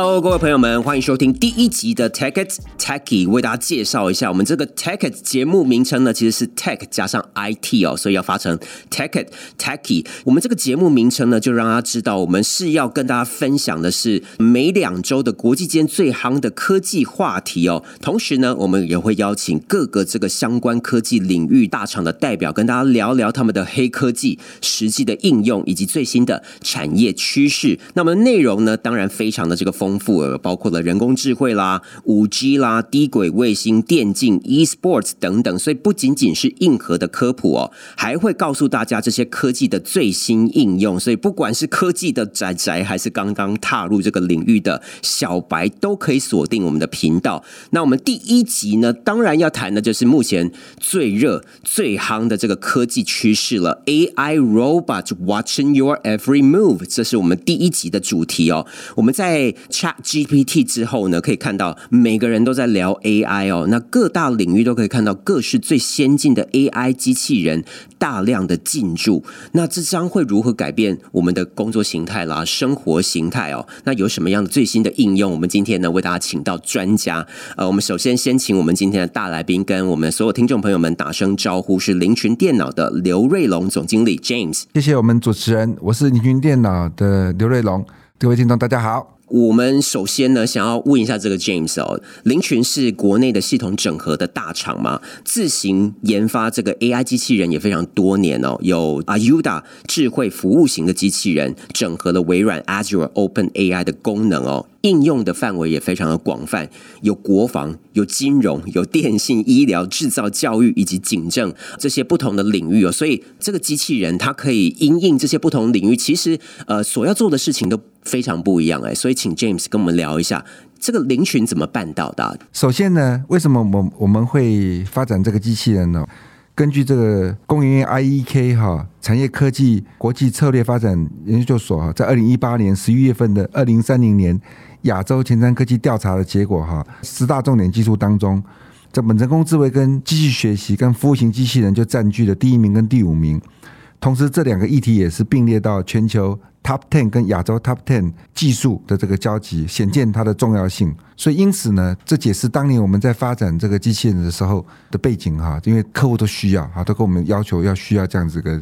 Hello，各位朋友們，歡迎收聽第一集的 Techet Techie。為大家介紹一下，我們這個 Techet 節目名稱呢，其實是 Tech 加上 IT 哦，所以要發成 Techet Techie。我們這個節目名稱呢，就讓大家知道，我們是要跟大家分享的是每兩周的國際間最夯的科技話題哦。同時呢，我們也會邀請各個這個相關科技領域大廠的代表，跟大家聊聊他們的黑科技實際的應用，以及最新的產業趨勢。那麼內容呢，當然非常的這個豐。豐富，包括了人工智慧啦、5G 啦、低軌衛星、電競、eSports 等等，所以不僅僅是硬核的科普哦，還會告訴大家這些科技的最新應用。所以，不管是科技的宅宅，還是剛剛踏入這個領域的小白，都可以鎖定我們的頻道。那我們第一集呢，當然要談的就是目前最熱、最夯的這個科技趨勢了 ——AI robot watching your every move。這是我們第一集的主題哦。我們在 ChatGPT 之後呢，可以看到每個人都在聊 AI 哦。那各大領域都可以看到各式最先進的 AI 機器人大量的進駐。那這將會如何改變我們的工作形態啦、生活形態哦？那有什麼樣的最新的應用？我們今天呢，為大家請到專家。呃，我們首先先請我們今天的大來賓跟我們所有聽眾朋友們打聲招呼，是凌群電腦的劉瑞隆總經理 James。謝謝我們主持人，我是凌群電腦的劉瑞隆。各位聽眾大家好。我們首先呢，想要問一下這個 James 哦，凌群是國內的系統整合的大廠嗎？自行研發這個 AI 機器人也非常多年哦，有 Ayuda 智慧服務型的機器人，整合了微軟 Azure OpenAI 的功能哦，應用的範圍也非常的廣泛，有國防、有金融、有電信、醫療、制造、教育以及警政這些不同的領域哦，所以這個機器人它可以因應這些不同的領域，其實呃所要做的事情都非常不一樣誒。所以請 James 跟我們聊一下這個凌群怎麼辦到的啊？首先呢，為什麼我我們會發展這個機器人呢哦？根據這個工研 IEK 哈哦，產業科技國際策略發展研究所哈哦，在二零一八年十一月份的二零三零年。亞洲前瞻科技調查的結果哈，十大重點技術當中，在本人工智慧跟機器學習跟服務型機器人就占據了第一名跟第五名，同時這兩個議題也是並列到全球 top ten 跟亞洲 top ten 技術的這個交集，顯見它的重要性。所以因此呢，這解釋當年我們在發展這個機器人的時候的背景哈，因為客戶都需要哈，都跟我們要求要需要這樣子的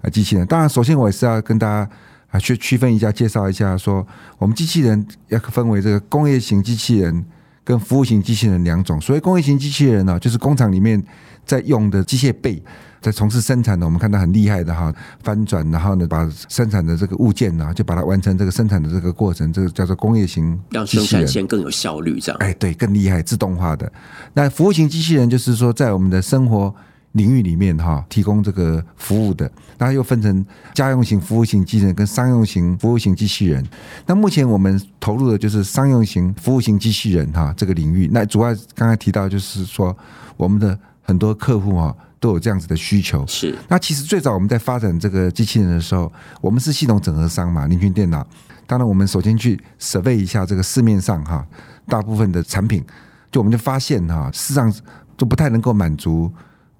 啊機器人。當然，首先我也是要跟大家。啊，去區分一下，介紹一下，說我們機器人要分為這個工業型機器人跟服務型機器人兩種。所謂工業型機器人呢、啊，就是工廠裡面在用的機械臂，在從事生產的，我們看到很厲害的哈、啊，翻轉，然後呢，把生產的這個物件呢、啊，就把它完成這個生產的這個過程，這個叫做工業型讓生產線更有效率，這樣。哎，對，更厲害，自動化的。那服務型機器人就是說，在我們的生活。領域裡面哈、哦，提供這個服務的，那又分成家用型服務型機器人跟商用型服務型機器人。那目前我們投入的就是商用型服務型機器人哈、哦、這個領域。那主要剛才提到就是說，我們的很多客戶哈、哦、都有這樣子的需求。是。那其實最早我們在發展這個機器人的時候，我們是系統整合商嘛，凌群電腦。當然，我們首先去 survey 一下這個市面上哈、啊、大部分的產品，就我們就發現哈、啊，事實上都不太能夠滿足。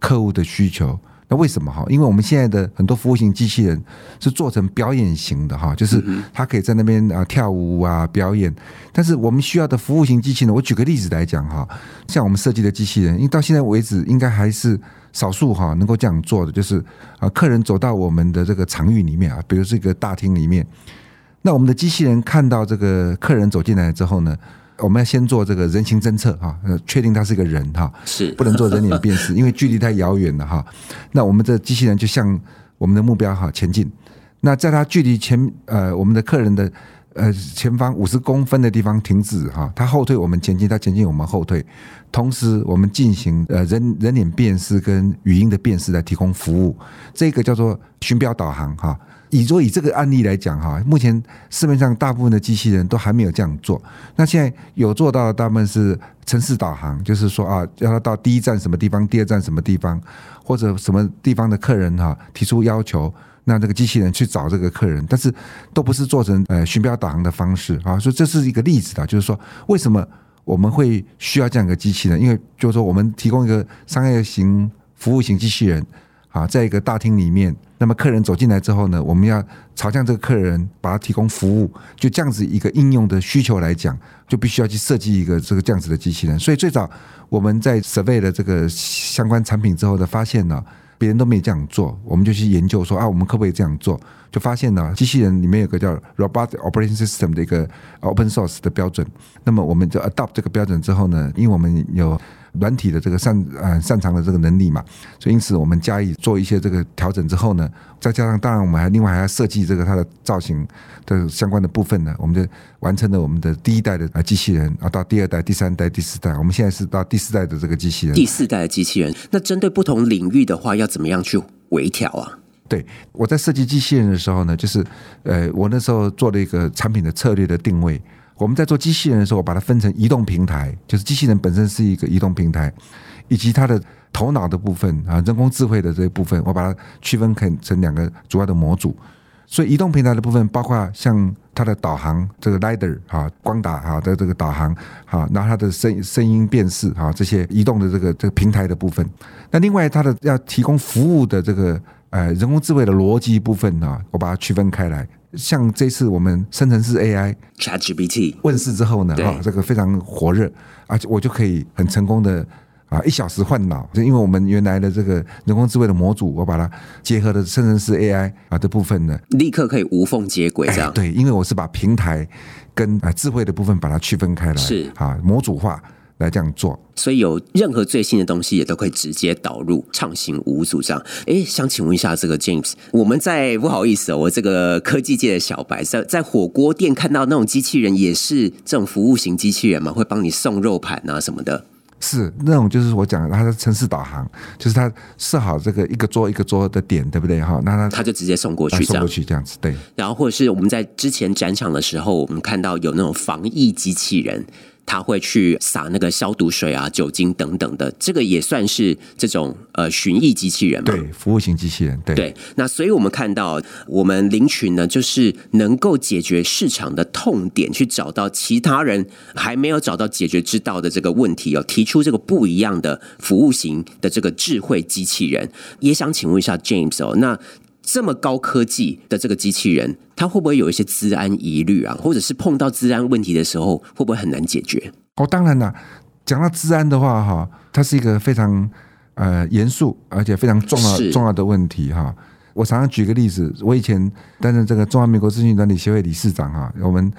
客戶的需求，那為什麼哈？因為我們現在的很多服務型機器人是做成表演型的哈，就是他可以在那邊啊跳舞啊表演。但是我們需要的服務型機器人，我舉個例子來講哈，像我們設計的機器人，因為到現在為止應該還是少數哈，能夠這樣做的，就是啊，客人走到我們的這個場域裡面啊，比如這個大廳裡面，那我們的機器人看到這個客人走進來之後呢，我們要先做這個人形偵測哈，呃，確定他是個人哈，是不能做人臉辨識， 因為距離太遙遠了哈。那我們的機器人就向我們的目標哈前進。那在他距離前呃我們的客人的呃前方五十公分的地方停止哈，他後退我們前進，他前進我們後退，同時我們進行呃人人臉辨識跟語音的辨識來提供服務，這個叫做尋標導航哈。以說以這個案例來講哈，目前市面上大部分的機器人都還沒有這樣做。那現在有做到的，大部分是城市導航，就是說啊，要他到第一站什麼地方，第二站什麼地方，或者什麼地方的客人哈提出要求，那這個機器人去找這個客人，但是都不是做成呃尋標導航的方式啊。所以這是一個例子的，就是說為什麼我們會需要這樣一個機器人？因為就是說我們提供一個商業型服務型機器人。啊，在一個大廳裡面，那麼客人走進來之後呢，我們要朝向這個客人，把他提供服務，就這樣子一個應用的需求來講，就必須要去設計一個這個這樣子的機器人。所以最早我們在 survey 的這個相關產品之後的發現呢，別人都沒這樣做，我們就去研究說啊，我們可不可以這樣做？就發現呢，機器人裡面有個叫 Robot Operating System 的一個 Open Source 的標準。那麼我們就 adopt 這個標準之後呢，因為我們有。軟體的這個擅、呃擅長的這個能力嘛，所以因此我們加以做一些這個調整之後呢，再加上當然我們還另外還要設計這個它的造型的相關的部分呢，我們就完成了我們的第一代的啊機器人，啊到第二代、第三代、第四代，我們現在是到第四代的這個機器人。第四代的機器人，那針對不同領域的話，要怎麼樣去微調啊？對，我在設計機器人的時候呢，就是呃，我那時候做了一個產品的策略的定位。我們在做機器人的時候，我把它分成移動平台，就是機器人本身是一個移動平台，以及它的頭腦的部分啊，人工智慧的這一部分，我把它區分開成兩個主要的模組。所以移動平台的部分包括像它的導航這個 Lidar 啊、光達啊的這個導航啊，拿它的聲聲音辨識啊這些移動的這個這個平台的部分。那另外它的要提供服務的這個呃人工智慧的邏輯部分呢，我把它區分開來。像這次我們生成式 AI ChatGPT 問世之後呢，哈，這個非常火熱，而且我就可以很成功的啊，一小時換腦，就因為我們原來的這個人工智慧的模組，我把它結合的生成式 AI 啊的部分呢，立刻可以無縫接軌，這樣，哎、對，因為我是把平台跟啊智慧的部分把它區分開來，是啊，模組化。來這樣做，所以有任何最新的東西也都可以直接導入，暢行無阻。這樣，哎，想請問一下，這個 James，我們在不好意思哦，我這個科技界的小白，在在火鍋店看到那種機器人，也是這種服務型機器人嘛，會幫你送肉盤啊什麼的。是那種，就是我講的，它的城市導航，就是它設好這個一個桌一個桌的點，對不對？哈，那它就直接送過去，送過去這樣子。對。然後或者是我們在之前展場的時候，我們看到有那種防疫機器人。他會去撒那個消毒水啊、酒精等等的，這個也算是這種呃巡疫機器人嘛。對服務型機器人對，對。那所以我們看到，我們凌群呢，就是能夠解決市場的痛點，去找到其他人還沒有找到解決之道的這個問題哦，有提出這個不一樣的服務型的這個智慧機器人。也想請問一下 James 哦，那。這麼高科技的這個機器人，它會不會有一些治安疑慮啊？或者是碰到治安問題的時候，會不會很難解決？哦，當然了，講到治安的話，哈，它是一個非常呃嚴肅而且非常重要重要的問題哈。我常常舉個例子，我以前擔任這個中華民國資訊管理協會理事長哈，我們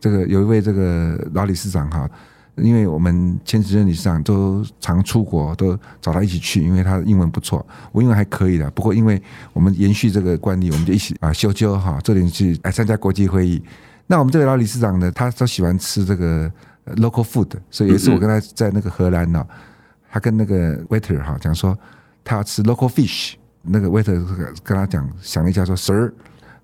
這個有一位這個老理事長哈。因為我們前幾任理事長都常出國，都找他一起去，因為他英文不錯，我英文還可以的。不過因為我們延續這個慣例，我們就一起啊修修哈這裡去來參加國際會議。那我們這位老理事長呢，他都喜歡吃這個 local food，所以也是我跟他在那個荷蘭呢，他跟那個 waiter 哈講說他要吃 local fish，那個 waiter 跟他講想了一下說 sir。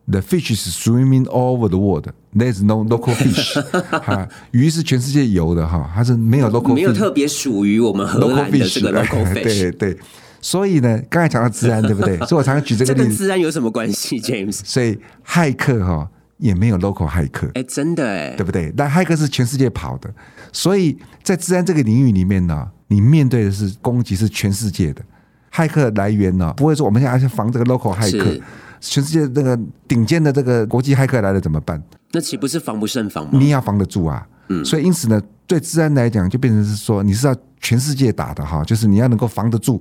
The fish is swimming over the world. There's no local fish. 啊、魚是全世界游的哈，它是沒有 local。沒有特別屬於我們的這個 local fish, local fish、哎。對對， 所以呢，剛才講到資安，對不對？ 所以我常常舉這個例子。跟資安有什麼關係，James？所以駭客哈也沒有 local 駭客。哎、欸，真的哎，對不對？但駭客是全世界跑的，所以在資安這個領域裡面呢，你面對的是攻擊是全世界的駭客來源呢，不會說我們現在要防這個 local 駭客。全世界那個頂尖的這個國際駭客來了怎麼辦？那豈不是防不勝防嗎？你要防得住啊！嗯，所以因此呢，對治安來講，就變成是說你是要全世界打的哈，就是你要能夠防得住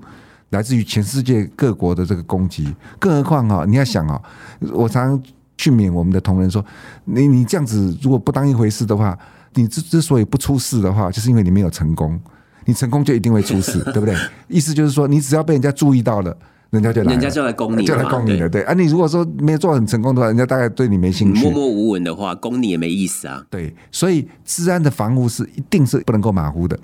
來自於全世界各國的這個攻擊。更何況哈、哦，你要想啊、哦，我常常去勉我們的同仁說，你你這樣子如果不當一回事的話，你之之所以不出事的話，就是因為你沒有成功。你成功就一定會出事， 對不對？意思就是說，你只要被人家注意到了。人家就，人家就來攻你，就來攻你的，對，對。啊，你如果說沒有做很成功的話，人家大概對你沒興趣。默默無聞的話，攻你也沒意思啊。對，所以資安的防護是一定是不能夠馬虎的。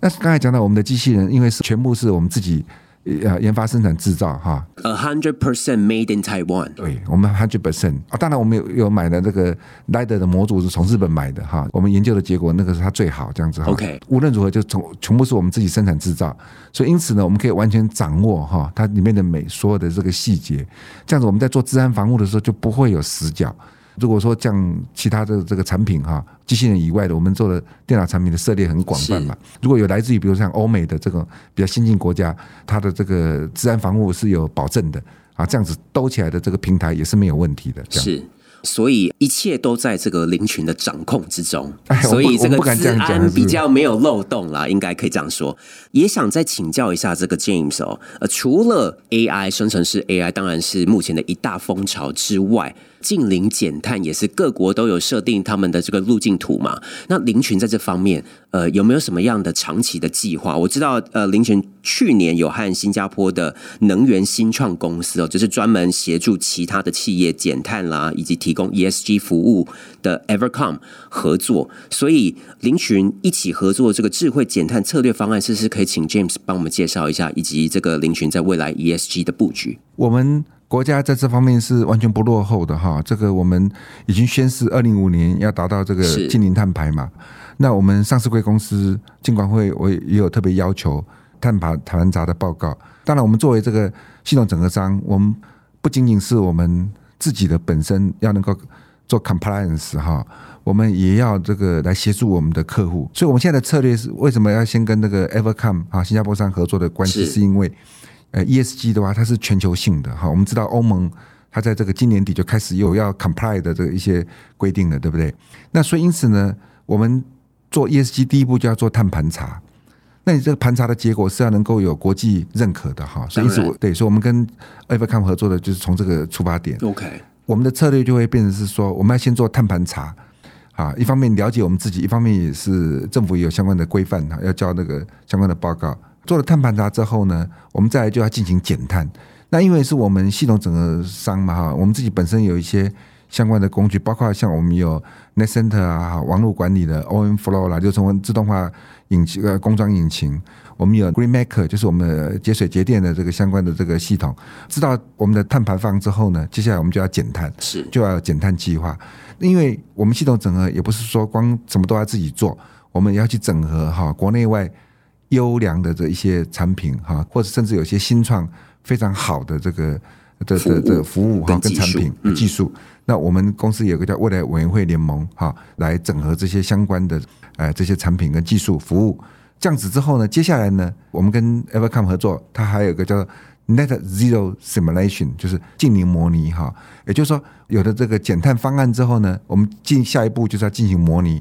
那剛才講到我們的機器人，因為是全部是我們自己。呃，研發、生產、製造哈，A hundred percent made in Taiwan。對，我們 hundred percent 啊，當然我們有有買的那個 Lidar 的模組是從日本買的哈，我們研究的結果那個是它最好這樣子。OK，無論如何就從全部是我們自己生產製造，所以因此呢，我們可以完全掌握哈它裡面的每所有的這個細節，這樣子我們在做治安防護的時候就不會有死角。如果說像其他的這個產品哈、啊，機器人以外的，我們做的電腦產品的涉獵很廣泛嘛。如果有來自於比如像歐美的這個比較先進國家，它的這個資安防護是有保證的啊，這樣子兜起來的這個平台也是沒有問題的。是，所以一切都在這個凌群的掌控之中，哎、所以這個資安是是比較沒有漏洞啦，應該可以這樣說。也想再請教一下這個 James 哦，呃，除了 AI 生成式 AI，當然是目前的一大風潮之外。淨零減碳也是各國都有設定他們的這個路徑圖嘛？那凌群在這方面，呃，有沒有什麼樣的長期的計劃？我知道，呃，凌群去年有和新加坡的能源新創公司哦，就是專門協助其他的企業減碳啦，以及提供 ESG 服務的 Evercom 合作，所以凌群一起合作這個智慧減碳策略方案，是不是可以請 James 幫我們介紹一下，以及這個凌群在未來 ESG 的布局？我們。國家在這方面是完全不落後的哈，這個我們已經宣示二零五零年要達到這個淨零碳排嘛。那我們上市櫃公司金管會，我也有特別要求碳排碳盤查的報告。當然，我們作為這個系統整合商，我們不僅僅是我們自己的本身要能夠做 compliance 哈，我們也要這個來協助我們的客戶。所以，我們現在的策略是為什麼要先跟那個 Evercom 哈，新加坡商合作的關係，是因為。呃、欸、，ESG 的話，它是全球性的哈。我們知道歐盟，它在這個今年底就開始有要 comply 的這個一些規定了，對不對？那所以因此呢，我們做 ESG 第一步就要做碳盤查。那你這個盤查的結果是要能夠有國際認可的哈。所以因此，對，所以我們跟 Evercomm 合作的就是從這個出發點。OK，我們的策略就會變成是說，我們要先做碳盤查啊，一方面了解我們自己，一方面也是政府也有相關的規範，要交那個相關的報告。做了碳盤查之後呢，我們再來就要進行減碳。那因為是我們系統整合商嘛哈，我們自己本身有一些相關的工具，包括像我們有 NetCenter 啊，網絡管理的 OMFlow 啦，就從、是、自動化引擎呃工裝引擎，我們有 GreenMaker，就是我們節水節電的這個相關的這個系統。知道我們的碳排放之後呢，接下來我們就要減碳，是就要減碳計劃。因為我們系統整合也不是說光什麼都要自己做，我們要去整合哈國內外，優良的這一些產品哈，或者甚至有些新創非常好的這個的的的服務哈跟產品技術、嗯，那我們公司有個叫未來委員會聯盟哈，來整合這些相關的呃這些產品跟技術服務。這樣子之後呢，接下來呢，我們跟 Evercom 合作，它還有一個叫 Net Zero Simulation，就是淨零模擬哈。也就是說，有了這個減碳方案之後呢，我們進下一步就是要進行模擬，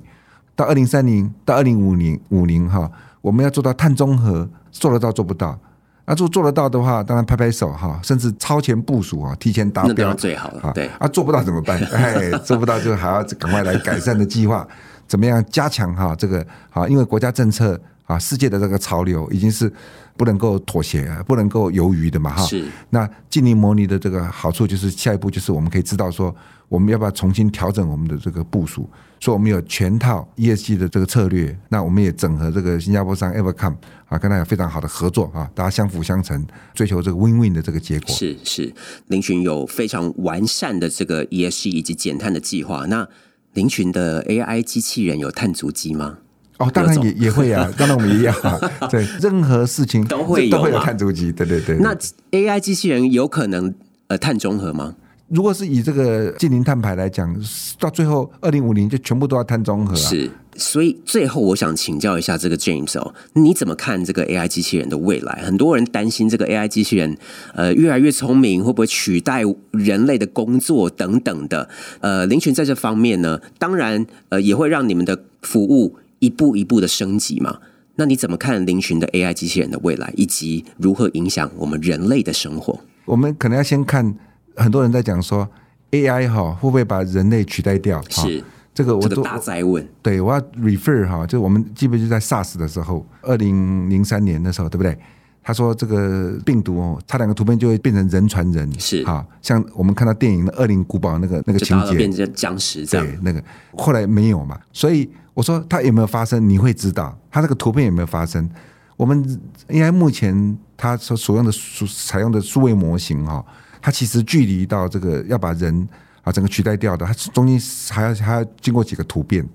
到二零三零到二零五零五零哈。我們要做到碳中和，做得到做不到？啊，做做得到的話，當然拍拍手哈，甚至超前部署啊，提前達標，那個、要最好了。對，啊，做不到怎麼辦？ 哎，做不到就還要趕快來改善的計劃，怎麼樣加強哈？這個啊，因為國家政策啊，世界的這個潮流已經是不能夠妥協，不能夠猶豫的嘛哈。是。那建立模擬的這個好處就是，下一步就是我們可以知道說，我們要不要重新調整我們的這個部署。所以，我們有全套 ESG 的這個策略，那我們也整合這個新加坡商 Evercom 啊，跟他有非常好的合作啊，大家相輔相成，追求這個 win-win 的這個結果。是是，凌群有非常完善的這個 ESG 以及減碳的計劃。那凌群的 AI 機器人有碳足跡嗎？哦，當然也也會啊，跟我們一樣、 啊。對，任何事情都會有，都會有碳足跡對對對。那 AI 機器人有可能呃碳中和嗎？如果是以這個淨零碳排來講，到最後二零五零就全部都要碳中和啊。是，所以最後我想請教一下這個 James 哦，你怎麼看這個 AI 機器人的未來？很多人擔心這個 AI 機器人呃越來越聰明，會不會取代人類的工作等等的？呃，凌群在這方面呢，當然呃也會讓你們的服務一步一步的升級嘛。那你怎麼看凌群的 AI 機器人的未來，以及如何影響我們人類的生活？我們可能要先看。很多人在講說 AI 哈會不會把人類取代掉？是這個這個大哉問對，我要 refer 哈，就是我們基本上在 SARS 的時候，二零零三年的時候，對不對？他說這個病毒哦，差兩個圖片就會變成人傳人，是哈，像我們看到電影的《二零古堡》那個那個情節，變成僵屍這樣，對那個後來沒有嘛，所以我說它有沒有發生，你會知道它這個圖片有沒有發生。我們 AI 目前它所使用的所採用的數位模型哈。它其實距離到這個要把人啊整個取代掉的，它中間還要還要經過幾個突變，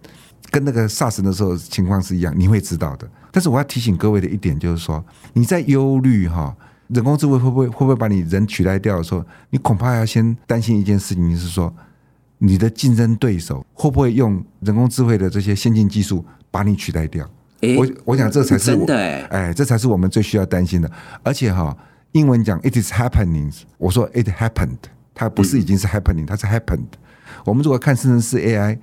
跟那個 SARS 的時候情況是一樣，你會知道的。但是我要提醒各位的一點就是說，你在憂慮哈，人工智慧會不會會不會把你人取代掉的時候，你恐怕要先擔心一件事情，就是說你的競爭對手會不會用人工智慧的這些先進技術把你取代掉？欸、我我想這才是真的、欸，哎、欸，這才是我們最需要擔心的，而且哈、哦。英文講 "It is happening"，我說 "It happened"，它不是已經是 happening，它是 happened。嗯、我們如果看生成式 AI，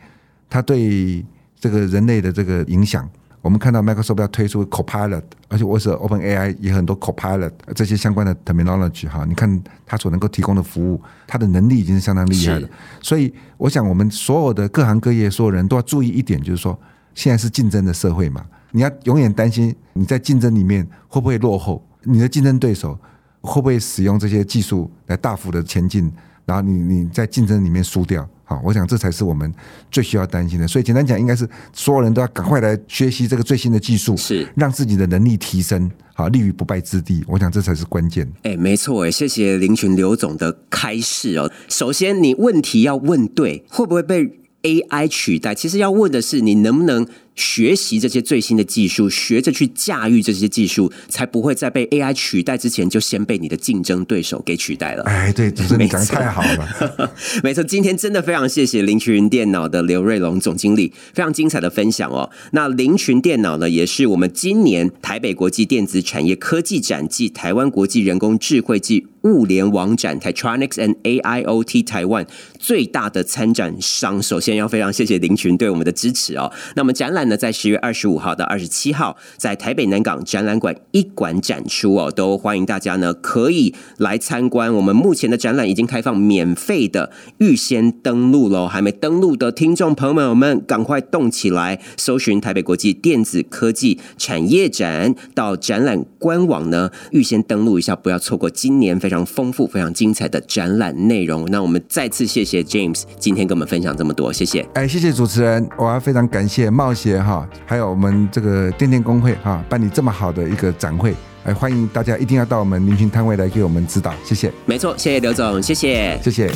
它對這個人類的這個影響，我們看到 Microsoft 要推出 Copilot，而且我說 OpenAI 也有很多 Copilot 這些相關的 terminology 哈，你看它所能夠提供的服務，它的能力已經是相當厲害的。所以我想，我們所有的各行各業，所有人都要注意一點，就是說，現在是競爭的社會嘛，你要永遠擔心你在競爭裡面會不會落後，你的競爭對手。會不會使用這些技術來大幅的前進，然後你你在競爭裡面輸掉？好，我想這才是我們最需要擔心的。所以簡單講，應該是所有人都要趕快來學習這個最新的技術，是讓自己的能力提升，好立於不敗之地。我想這才是關鍵。哎，沒錯，哎，謝謝凌群劉總的開示哦。首先，你問題要問對，會不會被 AI 取代？其實要問的是，你能不能。學習這些最新的技術，學着去駕馭這些技術，才不會在被 AI 取代之前，就先被你的競爭對手給取代了。哎，對，主持人講的太好了，沒錯， 沒錯。今天真的非常謝謝凌群電腦的劉瑞隆總經理非常精彩的分享哦。那凌群電腦呢，也是我們今年台北國際電子產業科技展暨台灣國際人工智慧暨物聯網展 TAITRONICS and AIOT 台灣最大的參展商。首先要非常謝謝凌群對我們的支持哦。那麼展覽。呢，在十月二十五號到二十七號，在台北南港展覽館一館展出哦，都歡迎大家呢，可以來參觀。我們目前的展覽已經開放免費的，預先登錄咯，還沒登錄的聽眾朋友們，我們趕快動起來，搜尋台北國際電子科技產業展到展覽官網呢，預先登錄一下，不要錯過今年非常豐富、非常精彩的展覽內容。那我們再次謝謝 James 今天跟我們分享這麼多，謝謝。哎，謝謝主持人，我還非常感謝冒險。好，還有我們這個電電公會哈、啊，辦理這麼好的一個展會，哎，歡迎大家一定要到我們凌群攤位來給我們指導，謝謝。沒錯，謝謝劉總，謝謝，謝謝。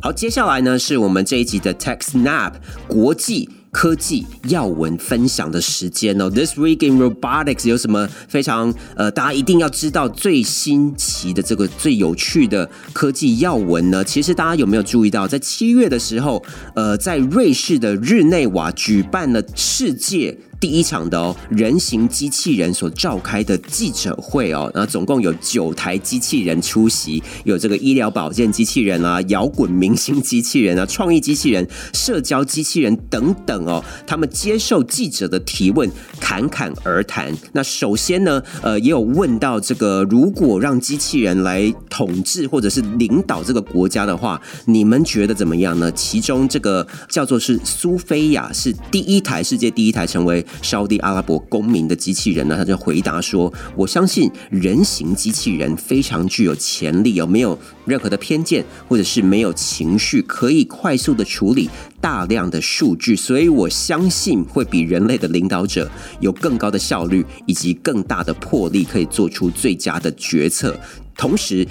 好，接下來呢，是我們這一集的 Tech Snap 國際。科技要聞分享的時間哦，This Week in Robotics 有什麼非常呃，大家一定要知道最新奇的這個最有趣的科技要聞呢？其實大家有沒有注意到，在七月的時候，呃，在瑞士的日內瓦舉辦了世界第一場的哦，人形機器人所召開的記者會哦，那總共有九台機器人出席，有這個醫療保健機器人啊，搖滾明星機器人啊，創意機器人、社交機器人等等哦，他們接受記者的提問，侃侃而談。那首先呢，呃，也有問到這個，如果讓機器人來統治或者是領導這個國家的話，你們覺得怎麼樣呢？其中這個叫做是蘇菲亞，是第一台，世界第一台成為。沙地阿拉伯公民的機器人呢，他就回答說：“我相信人形機器人非常具有潛力，有沒有任何的偏見，或者是沒有情緒，可以快速的處理大量的數據，所以我相信會比人類的領導者有更高的效率，以及更大的魄力，可以做出最佳的決策。同時。”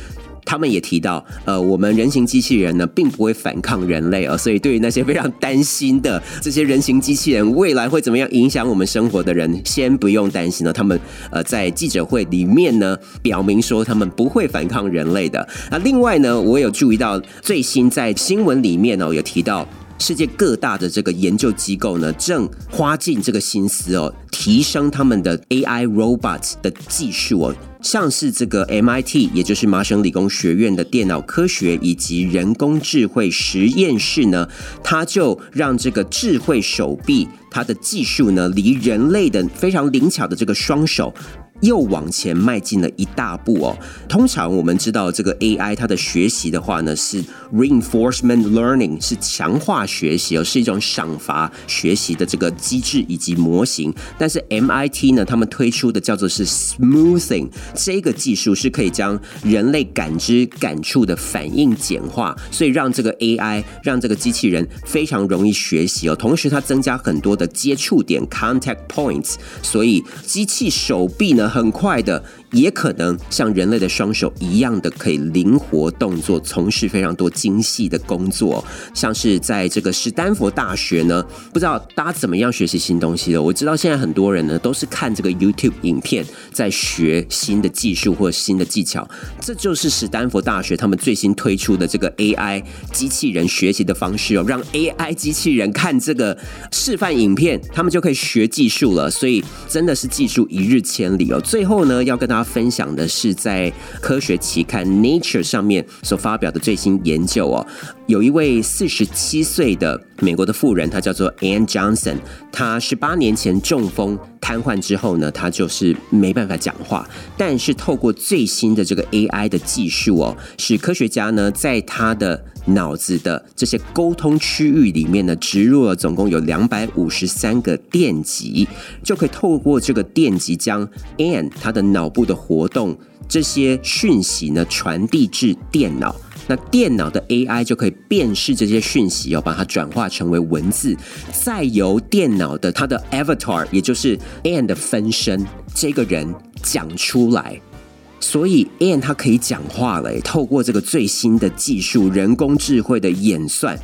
他們也提到，呃，我們人形機器人呢，並不會反抗人類哦，所以對於那些非常擔心的這些人形機器人未來會怎麼樣影響我們生活的人，先不用擔心了哦。他們呃，在記者會裡面呢，表明說他們不會反抗人類的。那另外呢，我有注意到最新在新聞裡面哦，有提到世界各大的這個研究機構呢，正花盡這個心思哦，提升他們的 AI robots 的技術哦。像是這個 MIT，也就是麻省理工學院的電腦科學以及人工智慧實驗室呢，它就讓這個智慧手臂，它的技術呢，離人類的非常靈巧的這個雙手。又往前邁進了一大步哦。通常我們知道這個 AI 它的學習的話呢，是 reinforcement learning 是強化學習哦，是一種賞罰學習的這個機制以及模型。但是 MIT 呢，他們推出的叫做是 smoothing 這個技術，是可以將人類感知感觸的反應簡化，所以讓這個 AI 讓這個機器人非常容易學習哦。同時，它增加很多的接觸點 contact points，所以機器手臂呢。很快的。也可能像人類的雙手一樣的可以靈活動作，從事非常多精細的工作，哦，像是在這個史丹佛大學呢，不知道大家怎麼樣學習新東西的？我知道現在很多人呢都是看這個 YouTube 影片在學新的技術或新的技巧，這就是史丹佛大學他們最新推出的這個 AI 機器人學習的方式哦，讓 AI 機器人看這個示範影片，他們就可以學技術了，所以真的是技術一日千里哦。最後呢，要跟大他分享的是在科學期刊《Nature》上面所發表的最新研究哦。有一位四十七歲的美國的婦人，她叫做 Ann Johnson，她十八年前中風。癱瘓之後呢，他就是沒辦法講話。但是透過最新的這個 AI 的技術哦，使科學家呢在他的腦子的這些溝通區域裡面呢，植入了總共有兩百五十三個電極，就可以透過這個電極將 Anne 他的腦部的活動這些訊息呢傳遞至電腦。那電腦的 AI 就可以辨識這些訊息，哦，把它轉化成為文字，再由電腦的它的 avatar，也就是 Ann 的分身，這個人講出來。所以 Ann 它他可以講話了，透過這個最新的技術，人工智慧的演算，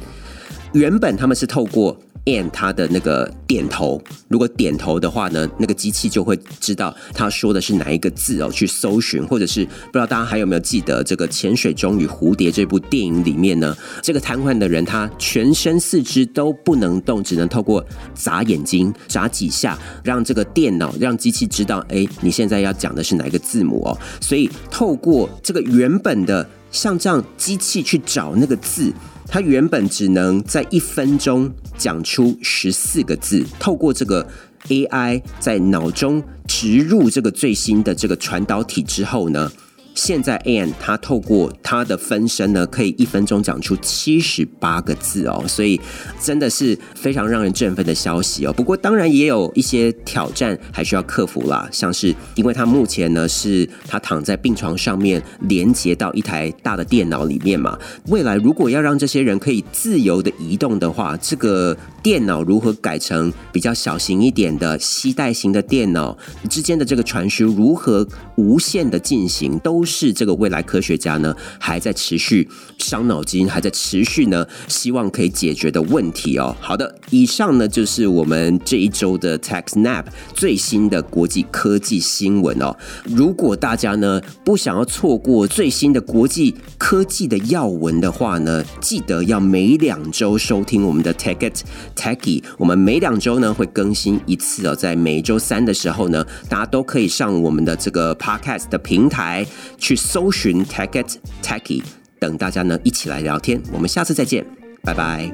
原本他們是透過。按他的那個點頭，如果點頭的話呢，那個機器就會知道他說的是哪一個字哦，去搜尋，或者是不知道大家還有沒有記得這個《潛水鐘與蝴蝶》這部電影裡面呢，這個癱瘓的人他全身四肢都不能動，只能透過眨眼睛，眨幾下，讓這個電腦讓機器知道，哎，你現在要講的是哪一個字母哦，所以透過這個原本的。像這樣機器去找那個字，它原本只能在一分鐘講出十四個字，透過這個 AI 在腦中植入這個最新的這個傳導體之後呢，現在，Anne 她透過她的分身呢，可以一分鐘講出七十八個字哦，所以真的是非常讓人振奮的消息哦。不過，當然也有一些挑戰還需要克服啦，像是因為她目前呢是她躺在病床上面連接到一台大的電腦裡面嘛。未來如果要讓這些人可以自由的移動的話，這個電腦如何改成比較小型一點的攜帶型的電腦之間的這個傳輸如何無線的進行都。是這個未來科學家呢，還在持續傷腦筋，還在持續呢，希望可以解決的問題哦。好的，以上呢就是我們這一周的 Tech Snap 最新的國際科技新聞哦。如果大家呢不想要錯過最新的國際科技的要聞的話呢，記得要每兩周收聽我們的 t e c h e Techy t。我們每兩周呢會更新一次哦，在每周三的時候呢，大家都可以上我們的這個 Podcast 的平台。去搜尋 target tacky 等大家呢一起來聊天，我們下次再見，拜拜。